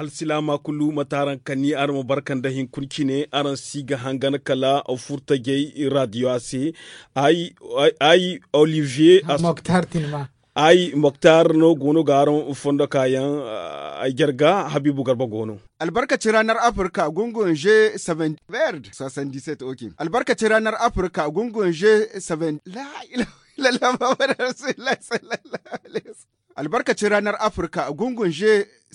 alsilama kulu mataran kani arma barkan da kunki ne aran siga hangana kala a furta gay radio ase ai ai olivier as moktar tinma ai moktar no gono garon fondo kayan ah, ai gerga habibu garba gono Albarkacin ranar Afirka gungun je 7 verd 77 okay. Albarkacin ranar Afirka gungun je 7 la ilaha illallah Rasulullah sallallahu alaihi wasallam Albarkacin ranar Afirka gungun je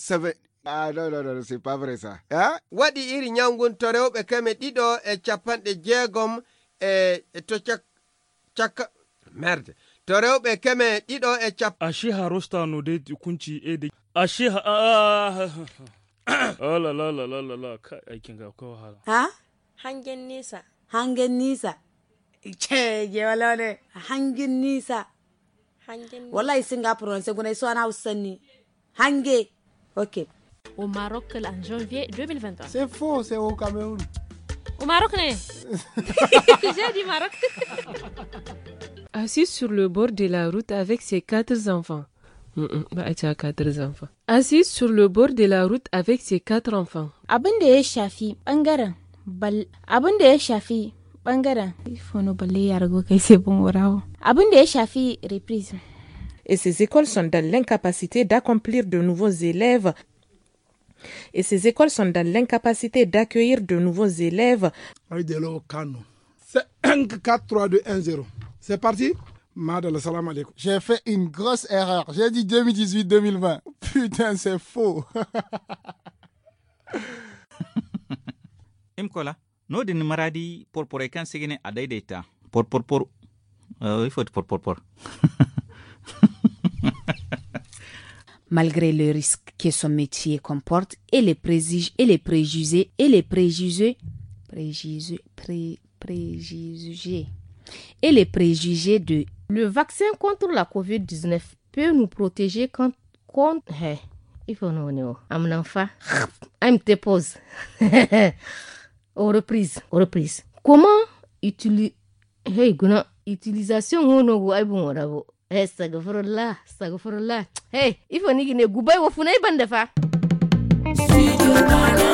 7 Ah, no, no, no, c'est pas vrai ça. Hein? Ah, waɗi iri ñawguntoroɓe keme ɗiɗo e capanɗe jeegom e, e to cakka merde to rewɓe keme ɗiɗo e cap ashe rosta no de kunci e de ashe ha ala ah, ah, oh, la la la la la kai aikin ga ko hala ha hangen nisa hangen nisa che je wala hangen nisa hangen wallahi singa prononce guna so ana usanni hange okay au Maroc en janvier 2021. C'est faux, c'est au Cameroun. Au Maroc, hein? J'ai dit Maroc. Assis sur le bord de la route avec ses mm, mm, bah, quatre enfants. Assis sur le bord de la route avec ses quatre enfants. Abin shafi Bangaran. bal shafi Bangaran. shafi reprise. Et ces écoles sont dans l'incapacité d'accomplir de nouveaux élèves et ces écoles sont dans l'incapacité d'accueillir de nouveaux élèves. C'est 1 4 3 2 1 0. C'est parti j'ai fait une grosse erreur. J'ai dit 2018-2020. Putain, c'est faux. Imkola, no din maradi porpore kan sigine a daidaita. data. Pour pour pour. Euh, il faut pour pour pour. Malgré le risque que son métier comporte et les préjugés et les préjugés et les préjugés préjugés et les préjugés de le vaccin contre la COVID-19 peut nous protéger quand contre hein, il faut nous mon enfant am te pause aux reprises aux reprises comment utiliser hey utilisation oh, Estagfirullah, eh, estagfirullah. Hey, ifo nigi ne gubai wa funai ban da fa. Studio